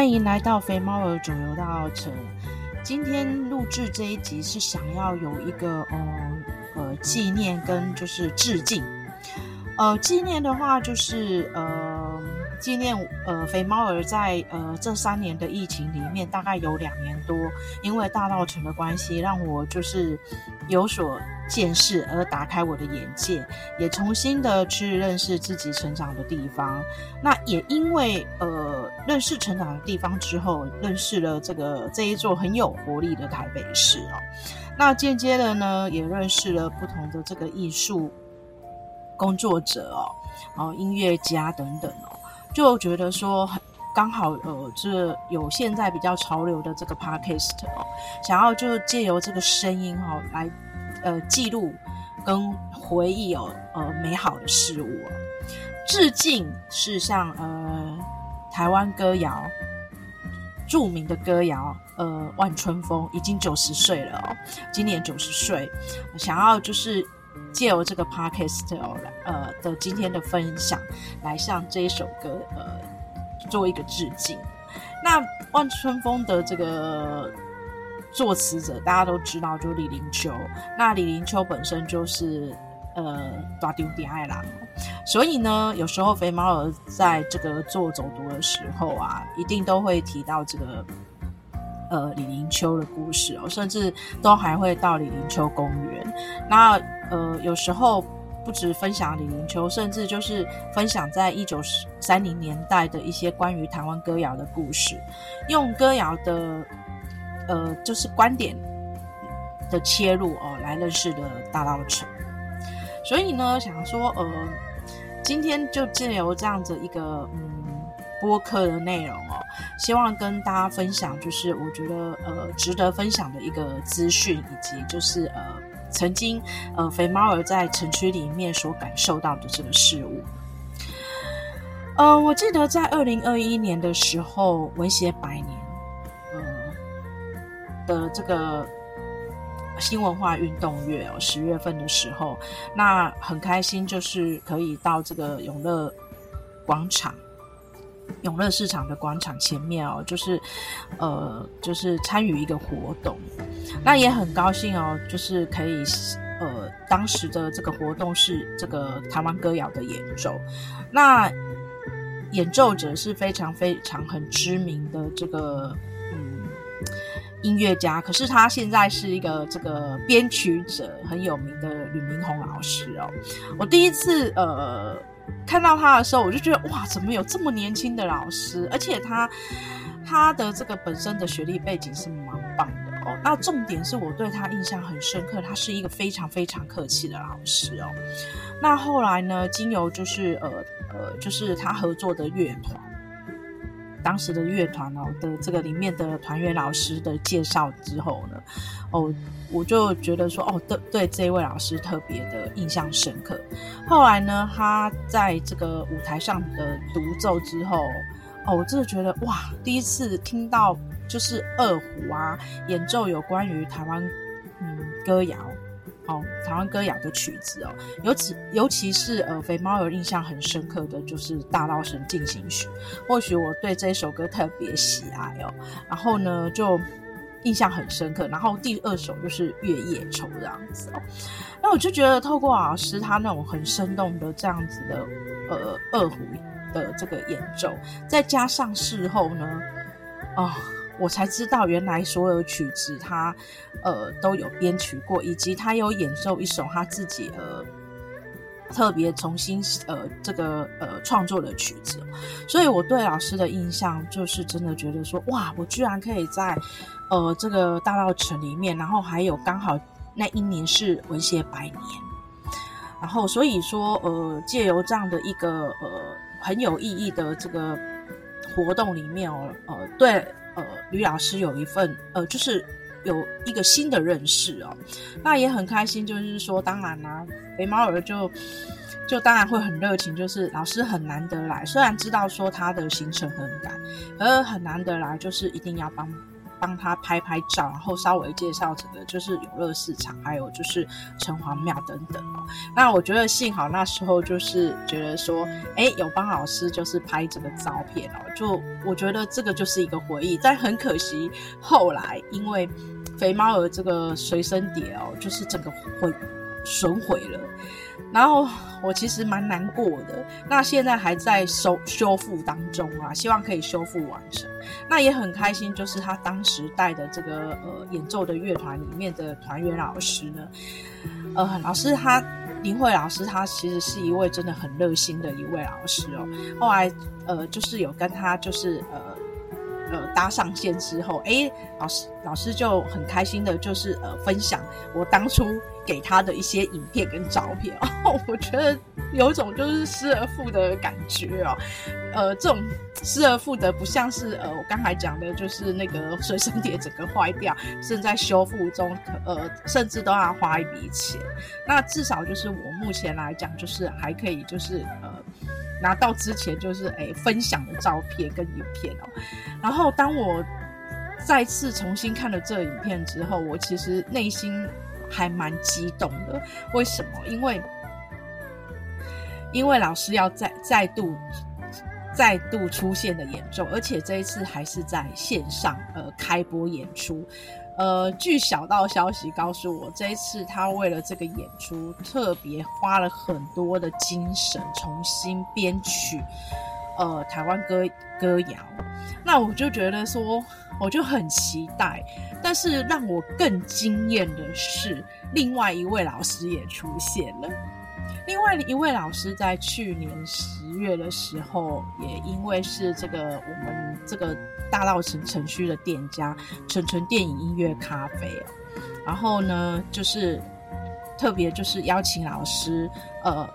歡迎來到肥貓兒走遊大稻埕。今天錄製這一集是想要有一個嗯呃紀念跟就是致敬，呃紀念的話就是呃。紀念呃，肥貓兒在呃這三年的疫情裡面，大概有兩年多，因為大稻埕的關係，讓我就是有所見識，而打開我的眼界，也重新的去認識自己成長的地方。那也因為呃認識成長的地方之後，認識了這個這一座很有活力的台北市哦，那間接的呢，也認識了不同的這個藝術工作者哦，然後音樂家等等哦。就覺得說很剛好，呃，這有現在比較潮流的這個 Podcast、哦、想要就借由這個聲音哈、哦、來，呃，記錄跟回憶哦，呃，美好的事物哦。致敬是像呃台灣歌謠，著名的歌謠，呃，望春風已經九十歲了哦，今年九十歲，想要就是。借由這個 podcast 來呃的今天的分享，來向這一首歌呃做一個致敬。那《望春風》的這個作詞者大家都知道，就是李臨秋。那李臨秋本身就是呃大稻埕人，所以呢，有時候肥貓兒在這個做走讀的時候啊，一定都會提到這個。呃，李臨秋的故事哦，甚至都還會到李臨秋公園。那呃，有時候不止分享李臨秋，甚至就是分享在一九三零年代的一些關於台灣歌謠的故事，用歌謠的呃，就是觀點的切入哦，來認識的大稻埕。所以呢，想說呃，今天就借由這樣子一個嗯。播客的內容哦，希望跟大家分享，就是我覺得呃值得分享的一個資訊，以及就是呃曾經呃肥貓兒在城區裡面所感受到的這個事物。呃，我記得在二零二一年的時候，文協百年嗯、呃、的這個新文化運動月哦，十月份的時候，那很開心就是可以到這個永樂廣場。永樂市場的廣場前面哦，就是，呃，就是參與一個活動，那也很高興哦，就是可以，呃，當時的這個活動是這個台灣歌謠的演奏，那演奏者是非常非常很知名的這個嗯音樂家，可是他現在是一個這個編曲者很有名的呂明紘老師哦，我第一次呃。看到他的時候，我就覺得哇，怎麼有這麼年輕的老師？而且他，他的這個本身的學歷背景是蠻棒的哦。那重點是我對他印象很深刻，他是一個非常非常客氣的老師哦。那後來呢，經由就是呃呃，就是他合作的樂團。當時的樂團哦，的這個裡面的團員老師的介紹之後呢，哦，我就覺得說哦，對對，這一位老師特別的印象深刻。後來呢，他在這個舞台上的獨奏之後，哦，我真的覺得哇，第一次聽到就是二胡啊，演奏有關於台灣，嗯，歌謠。哦、台灣歌謠的曲子哦，尤其尤其是呃，肥貓有印象很深刻的就是《大稻埕行進曲》。或許我對這首歌特別喜愛哦，然後呢就印象很深刻。然後第二首就是《月夜愁》這樣子哦。那我就覺得透過老師他那種很生動的這樣子的呃二胡的這個演奏，再加上事後呢，哦。我才知道，原來所有曲子他，呃，都有編曲過，以及他有演奏一首他自己呃特別重新呃這個呃創作的曲子，所以我對老師的印象就是真的覺得說，哇，我居然可以在呃這個大稻埕裡面，然後還有剛好那一年是文學百年，然後所以說呃，借由這樣的一個呃很有意義的這個活動裡面哦，呃對。呃，呂老師有一份呃，就是有一個新的認識哦，那也很開心。就是說，當然啦，啊，肥貓兒就就當然會很熱情。就是老師很難得來，雖然知道說他的行程很趕，而很難得來，就是一定要幫。幫他拍拍照，然後稍微介紹整個就是永樂市場，還有就是城隍廟等等喔。那我覺得幸好那時候就是覺得說，誒、欸，有幫老師就是拍這個照片哦、喔，就我覺得這個就是一個回憶。但很可惜，後來因為肥貓兒這個隨身碟哦、喔，就是整個毀損毀了。然後我其實蠻難過的，那現在還在修修復當中啊，希望可以修復完成。那也很開心，就是他當時帶的這個呃演奏的樂團裡面的團員老師呢，呃老師他林慧老師他其實是一位真的很熱心的一位老師哦。後來呃就是有跟他就是呃。呃，搭上線之後，誒、欸，老師老師就很開心的，就是呃，分享我當初給他的一些影片跟照片哦，我覺得有種就是失而復得的感覺哦，呃，這種失而復得不像是呃，我剛才講的就是那個隨身碟整個壞掉，正在修復中，呃，甚至都要花一筆錢，那至少就是我目前來講，就是還可以，就是。呃拿到之前就是誒、哎，分享的照片跟影片哦，然後當我再次重新看了這個影片之後，我其實內心還蠻激動的。為什麼？因為因為老師要再再度再度出現的演奏，而且這一次還是在線上呃開播演出。呃，據小道消息告訴我，這一次他為了這個演出，特別花了很多的精神重新編曲，呃，台灣歌歌謠。那我就覺得說，我就很期待。但是讓我更驚艷的是，另外一位老師也出現了。另外一位老師在去年十月的時候，也因為是這個我們這個大稻埕埕區的店家“純純電影音樂咖啡”，然後呢，就是特別就是邀請老師，呃。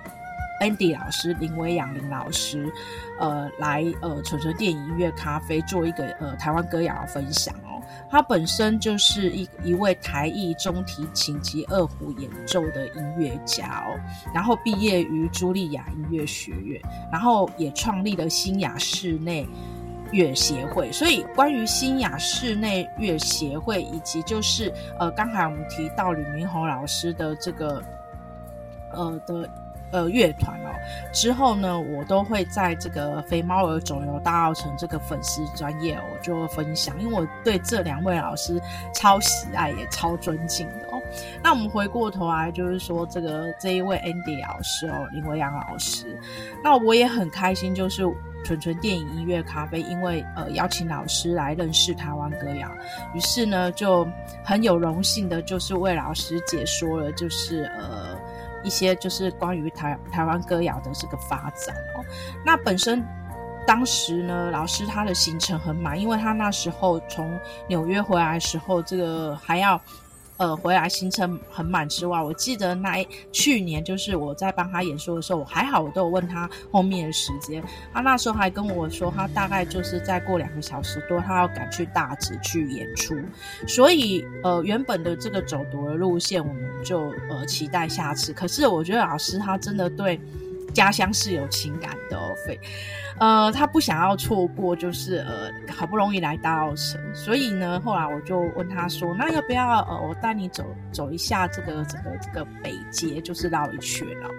Andy 老師，林維洋林老師，呃，來呃純純電影音樂咖啡做一個呃台灣歌謠的分享哦。他本身就是一一位台裔中提琴及二胡演奏的音樂家哦，然後畢業於茱莉亞音樂學院，然後也創立了新亞室內樂協會。所以關於新亞室內樂協會以及就是呃剛才我們提到呂明紘老師的這個呃的。呃，樂團哦，之後呢，我都會在這個《肥貓兒走遊大稻埕》這個粉絲專業我、哦、就分享，因為我對這兩位老師超喜愛也超尊敬的哦。那我們回過頭來，就是說，這個這一位 Andy 老師哦，林維洋老師，那我也很開心，就是純純電影音樂咖啡，因為呃邀請老師來認識台灣歌謠，於是呢就很有榮幸的，就是為老師解說了，就是呃。一些就是關於台台灣歌謠的這個發展哦、喔。那本身當時呢，老師他的行程很滿，因為他那時候從紐約回來的時候，這個還要。呃，回來行程很滿之外，我記得那去年就是我在幫他演說的時候，我還好，我都有問他後面的時間。他那時候還跟我說，他大概就是再過兩個小時多，他要趕去大直去演出。所以，呃，原本的這個走讀的路線，我們就呃期待下次。可是，我覺得老師他真的對。家鄉是有情感的哦，對，呃，他不想要錯過，就是呃，好不容易來大稻埕，所以呢，後來我就問他說：“那要不要呃，我帶你走走一下這個整個這個北街，就是繞一圈了，哦？”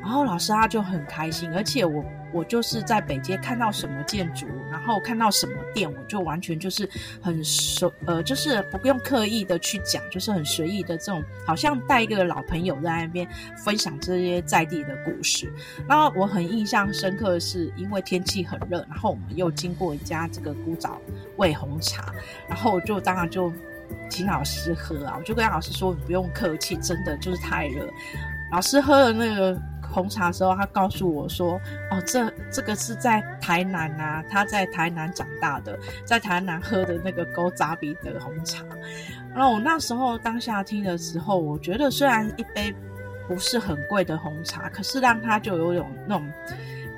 然後老師他就很開心，而且我。我就是在北街看到什麼建築，然後看到什麼店，我就完全就是很熟，呃，就是不用刻意的去講，就是很隨意的這種，好像帶一個老朋友在那邊分享這些在地的故事。然後我很印象深刻的是，因為天氣很熱，然後我們又經過一家這個古早味紅茶，然後我就當然就請老師喝啊，我就跟老師說，你不用客氣，真的就是太熱。老師喝了那個。紅茶的時候，他告訴我說：“哦，這這個是在台南啊，他在台南長大的，在台南喝的那個高紮比的紅茶。”然後我那時候當下聽的時候，我覺得雖然一杯不是很貴的紅茶，可是讓他就有種那種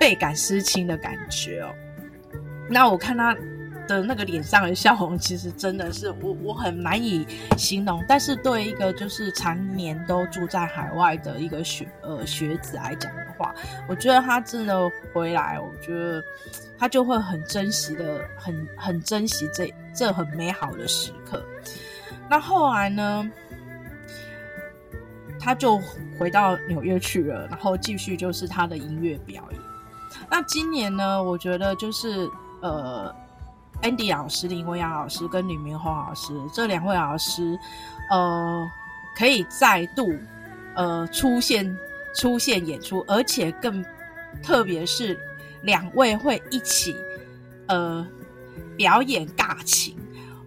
倍感思親的感覺哦。那我看他。的那個臉上的笑容，其實真的是我，我很難以形容。但是對一個就是常年都住在海外的一個學呃學子來講的話，我覺得他真的回來，我覺得他就會很珍惜的，很很珍惜這這很美好的時刻。那後來呢，他就回到紐約去了，然後繼續就是他的音樂表演。那今年呢，我覺得就是呃。Andy 老師、林維洋老師跟呂明紘老師這兩位老師，呃，可以再度，呃，出現、出現演出，而且更特別是兩位會一起，呃，表演尬琴。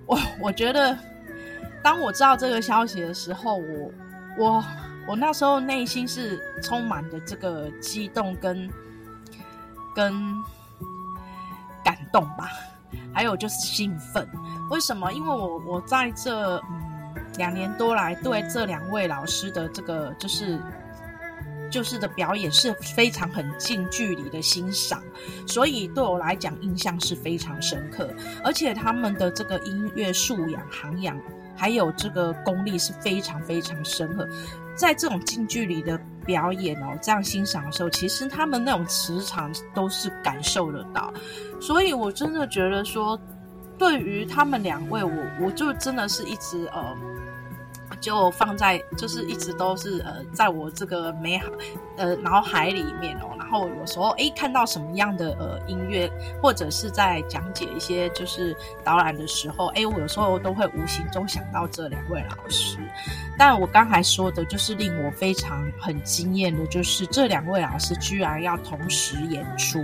我我覺得，當我知道這個消息的時候，我、我、我那時候內心是充滿的這個激動跟跟感動吧。還有就是興奮，為什麼？因為我我在這、嗯、兩年多來對這兩位老師的這個就是就是的表演是非常很近距離的欣賞，所以對我來講印象是非常深刻，而且他們的這個音樂素養涵養還有這個功力是非常非常深刻。在這種近距離的表演哦，這樣欣賞的時候，其實他們那種磁場都是感受得到，所以我真的覺得說，對於他們兩位，我我就真的是一直呃。就放在就是一直都是呃，在我這個美好呃腦海裡面哦，然後我有時候誒看到什麼樣的呃音樂，或者是在講解一些就是導覽的時候，誒我有時候都會無形中想到這兩位老師。但我剛才說的就是令我非常很驚艷的，就是這兩位老師居然要同時演出，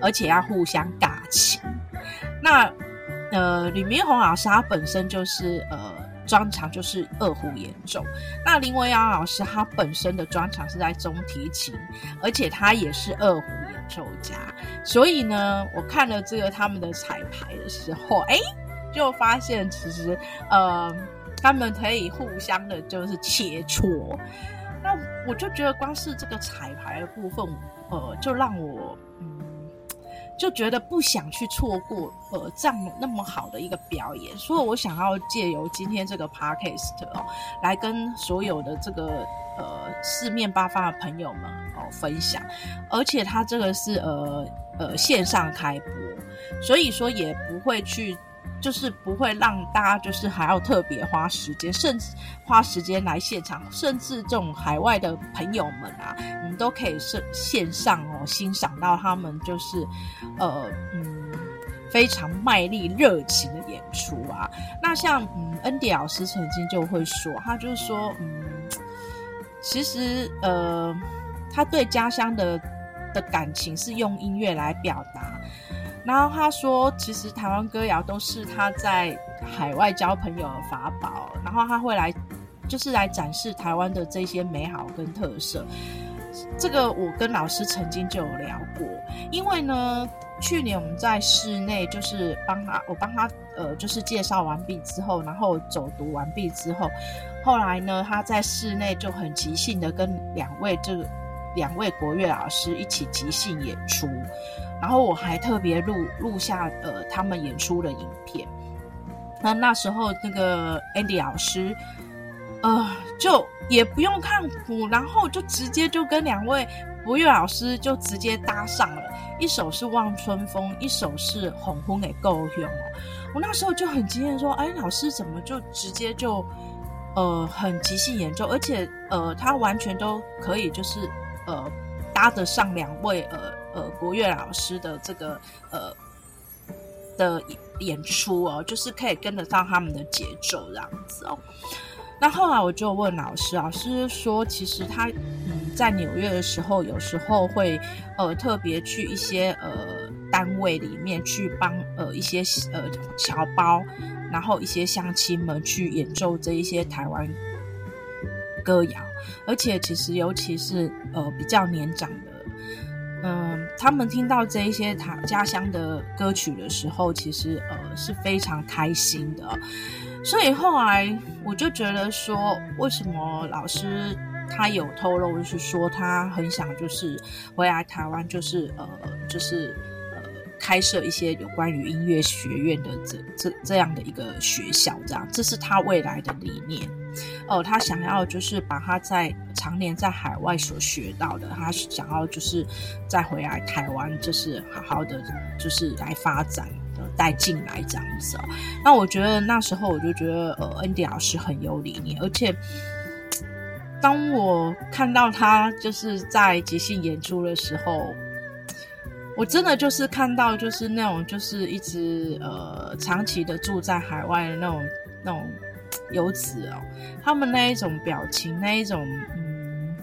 而且要互相尬琴。那呃，呂明紘老師他本身就是呃。專長就是二胡演奏，那林維洋老師他本身的專長是在中提琴，而且他也是二胡演奏家，所以呢，我看了這個他們的彩排的時候，哎、欸，就發現其實呃，他們可以互相的就是切磋，那我就覺得光是這個彩排的部分，呃，就讓我嗯。就覺得不想去錯過呃這樣那麼好的一個表演，所以我想要借由今天這個 podcast 哦、喔，來跟所有的這個呃四面八方的朋友們哦、喔，分享，而且他這個是呃呃線上開播，所以說也不會去。就是不會讓大家就是還要特別花時間，甚至花時間來現場，甚至這種海外的朋友們啊，你都可以是線上哦欣賞到他們就是呃嗯非常賣力、熱情的演出啊。那像嗯 Andy 老師曾經就會說，他就是說嗯，其實呃他對家鄉的的感情是用音樂來表達。然後他說，其實台灣歌謠都是他在海外交朋友的法寶。然後他會來，就是來展示台灣的這些美好跟特色。這個我跟老師曾經就有聊過，因為呢，去年我們在室內就是幫他，我幫他呃，就是介紹完畢之後，然後走讀完畢之後，後來呢，他在室內就很即興的跟兩位這兩位國樂老師一起即興演出。然後我還特別錄錄下呃他們演出的影片，那那時候那個 Andy 老師，呃就也不用看譜，然後就直接就跟兩位國樂老師就直接搭上了，一首是《望春風》，一首是《黃昏的故鄉》。我那時候就很驚艷，說：“哎，老師怎麼就直接就呃很即興演奏，而且呃他完全都可以就是呃搭得上兩位呃。”呃，國樂老師的這個呃的演出哦，就是可以跟得上他們的節奏這樣子哦。那後來我就問老師啊，老師說其實他嗯在紐約的時候，有時候會呃特別去一些呃單位裡面去幫呃一些呃僑胞，然後一些鄉親們去演奏這一些台灣歌謠，而且其實尤其是呃比較年長的。嗯，他們聽到這一些他家鄉的歌曲的時候，其實呃是非常開心的。所以後來我就覺得說，為什麼老師他有透露就是說他很想就是回來台灣就是呃，就是呃就是呃開設一些有關於音樂學院的這這這樣的一個學校這樣，這是他未來的理念。哦，他想要就是把他在常年在海外所學到的，他想要就是再回來台灣，就是好好的就是來發展的帶進來這樣子。那我覺得那時候我就覺得，呃，Andy 老師很有理念，而且當我看到他就是在即興演出的時候，我真的就是看到就是那種就是一直呃長期的住在海外的那種那種。那種由此哦，他們那一種表情，那一種，嗯，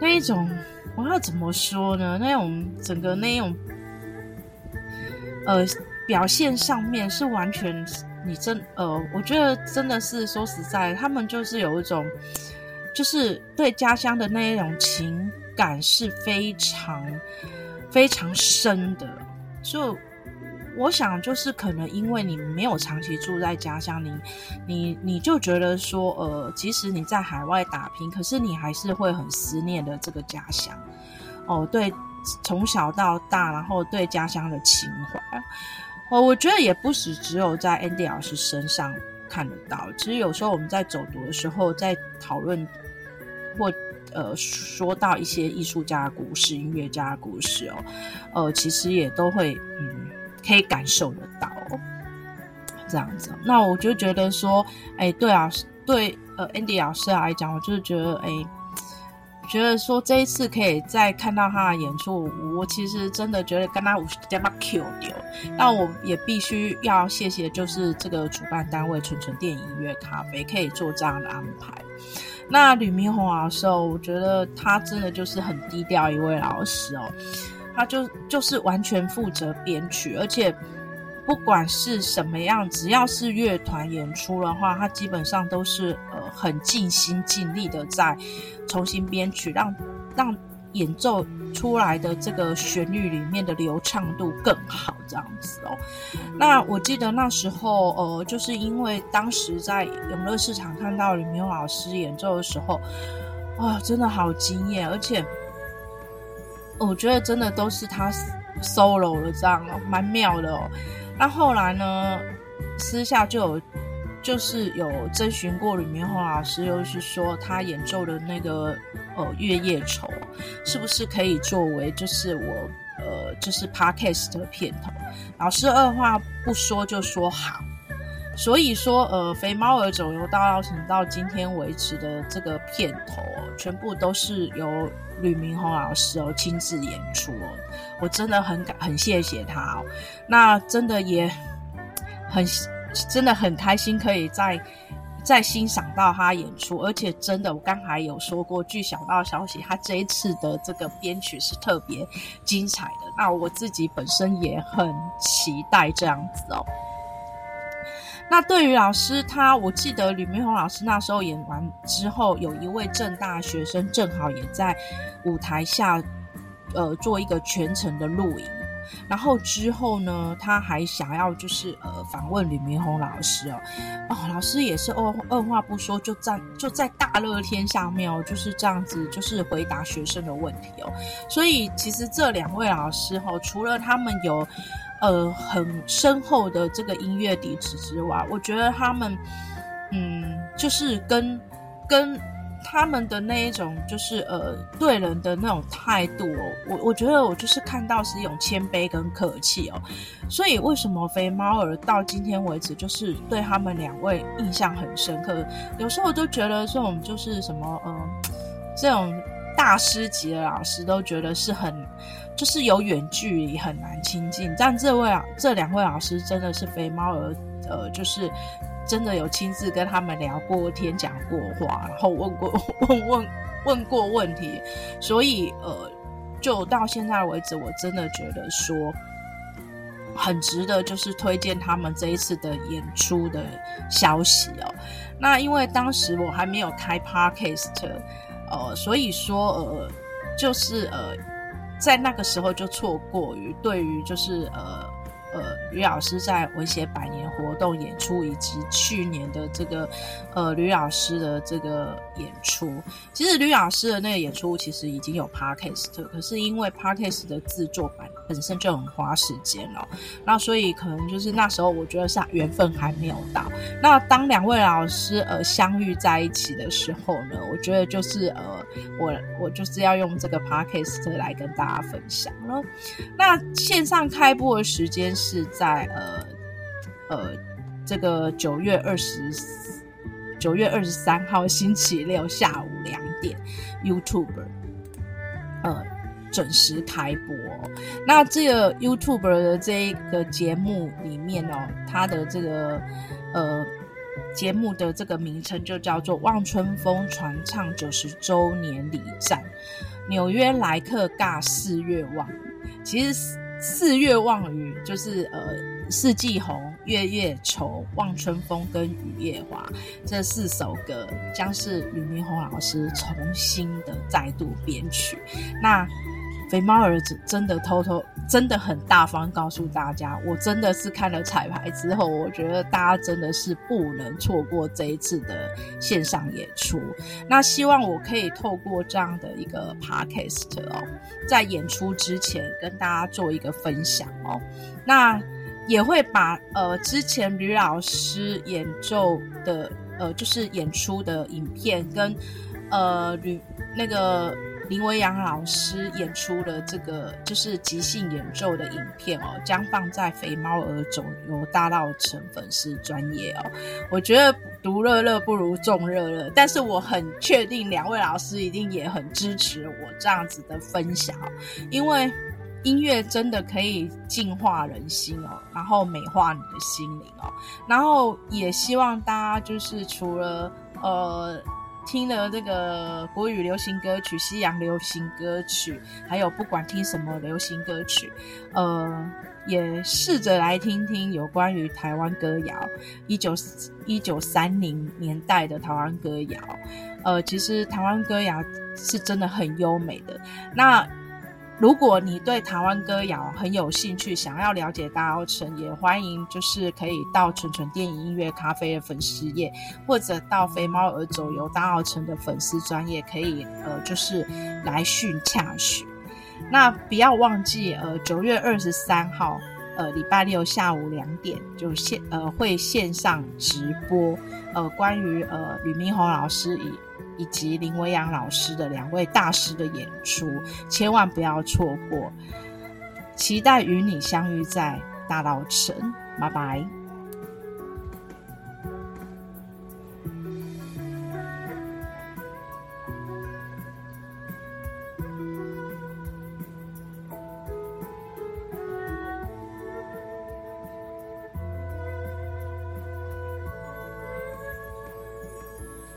那一種，我要怎麼說呢？那種整個那一種，呃，表現上面是完全，你真，呃，我覺得真的是說實在的，他們就是有一種，就是對家鄉的那一種情感是非常非常深的，就。我想，就是可能因為你沒有長期住在家鄉，你，你，你就覺得說，呃，即使你在海外打拼，可是你還是會很思念的這個家鄉。哦，對，從小到大，然後對家鄉的情懷，哦，我覺得也不是只有在 Andy 老師身上看得到。其實有時候我們在走讀的時候在，在討論或呃說到一些藝術家的故事、音樂家的故事哦，呃，其實也都會嗯。可以感受得到。哦，這樣子，那我就覺得說，哎、欸，對啊，對，呃，Andy 老師來講，我就是覺得，哎、欸，覺得說這一次可以再看到他的演出，我其實真的覺得跟他有點 Q 丟，那我也必須要謝謝，就是這個主辦單位純純電影音樂咖啡可以做這樣的安排。那呂明紘老師。哦，我覺得他真的就是很低調一位老師哦。他就就是完全負責編曲，而且不管是什麼樣，只要是樂團演出的話，他基本上都是呃很盡心盡力的在重新編曲，讓讓演奏出來的這個旋律裡面的流暢度更好這樣子哦。那我記得那時候呃，就是因為當時在永樂市場看到呂明紘老師演奏的時候，哇，真的好驚艷，而且。我覺得真的都是他 solo 的這樣哦，蠻妙的哦。那後來呢，私下就有就是有徵詢過呂明紘老師，又是說他演奏的那個呃《月夜愁》是不是可以作為就是我呃就是 podcast 的片頭？老師二話不說就說好。所以說，呃，肥貓兒走遊大稻埕，到今天為止的這個片頭，全部都是由呂明紘老師哦，親自演出哦。我真的很感很謝謝他哦，那真的也很真的很開心可以再再欣賞到他演出，而且真的我剛才有說過，據小道消息，他這一次的這個編曲是特別精彩的。那我自己本身也很期待這樣子哦。那對於老師他，我記得呂明紘老師那時候演完之後，有一位政大學生正好也在舞台下，呃，做一個全程的錄影。然後之後呢，他還想要就是呃訪問呂明紘老師哦、喔，哦，老師也是二、哦、二話不說就在就在大熱天下面哦、喔，就是這樣子就是回答學生的問題哦、喔。所以其實這兩位老師哈、喔，除了他們有。呃，很深厚的這個音樂底子之外，我覺得他們，嗯，就是跟跟他們的那一種，就是呃，對人的那種態度哦，我我覺得我就是看到是一種謙卑跟客氣哦。所以為什麼肥貓兒到今天為止就是對他們兩位印象很深刻？有時候我都覺得說我們就是什麼，嗯、呃，這種大師級的老師都覺得是很。就是有遠距離很難親近，但這位啊，這兩位老師真的是肥貓兒，呃，就是真的有親自跟他們聊過天、講過話，然後問過、問問問過問題，所以呃，就到現在為止，我真的覺得說很值得，就是推薦他們這一次的演出的消息哦、喔。那因為當時我還沒有開 podcast，呃，所以說呃，就是呃。在那個時候就錯過於對於就是呃呃於老師在文學百年。活動演出，以及去年的這個，呃，呂老師的這個演出，其實呂老師的那個演出其實已經有 podcast，可是因為 podcast 的制作本本身就很花時間了，那所以可能就是那時候我覺得是緣分還沒有到。那當兩位老師呃相遇在一起的時候呢，我覺得就是呃，我我就是要用這個 podcast 來跟大家分享了。那線上開播的時間是在呃。呃，這個九月二十，九月二十三號星期六下午兩點，YouTube，呃，準時開播。那這個 YouTube 的這一個節目裡面哦、喔，它的這個呃，節目的這個名稱就叫做《望春風傳唱九十週年禮讚》，紐約來客尬四月望雨。其實四月望雨就是呃四季紅。《月夜愁》《望春風跟月華》跟《雨夜花這四首歌，將是呂明紘老師重新的再度編曲。那肥貓兒子真的偷偷真的很大方告訴大家，我真的是看了彩排之後，我覺得大家真的是不能錯過這一次的線上演出。那希望我可以透過這樣的一個 podcast 哦，在演出之前跟大家做一個分享哦。那也會把呃之前呂老師演奏的呃就是演出的影片跟，呃呂那個林維洋老師演出的這個就是即興演奏的影片哦，將放在肥貓兒走遊大稻埕粉絲專頁哦。我覺得獨樂樂不如眾樂樂，但是我很確定兩位老師一定也很支持我這樣子的分享，因為音樂真的可以淨化人心哦，然後美化你的心靈哦，然後也希望大家就是除了呃聽了這個國語流行歌曲、西洋流行歌曲，還有不管聽什麼流行歌曲，呃，也試着來聽聽有關於台灣歌謠，一九一九三零年代的台灣歌謠，呃，其實台灣歌謠是真的很優美的。那，如果你對台灣歌謠很有興趣，想要了解大稻埕，也歡迎，就是可以到純純電影音樂咖啡的粉絲頁，或者到肥貓兒走遊大稻埕的粉絲專頁可以呃，就是來訊洽詢。那不要忘記，呃，九月二十三號，呃，禮拜六下午兩點就線呃會線上直播，呃，關於呃呂、呃呃、明紘老師以。以及林維洋老師的兩位大師的演出，千萬不要錯過。期待與你相遇在大稻埕，拜拜。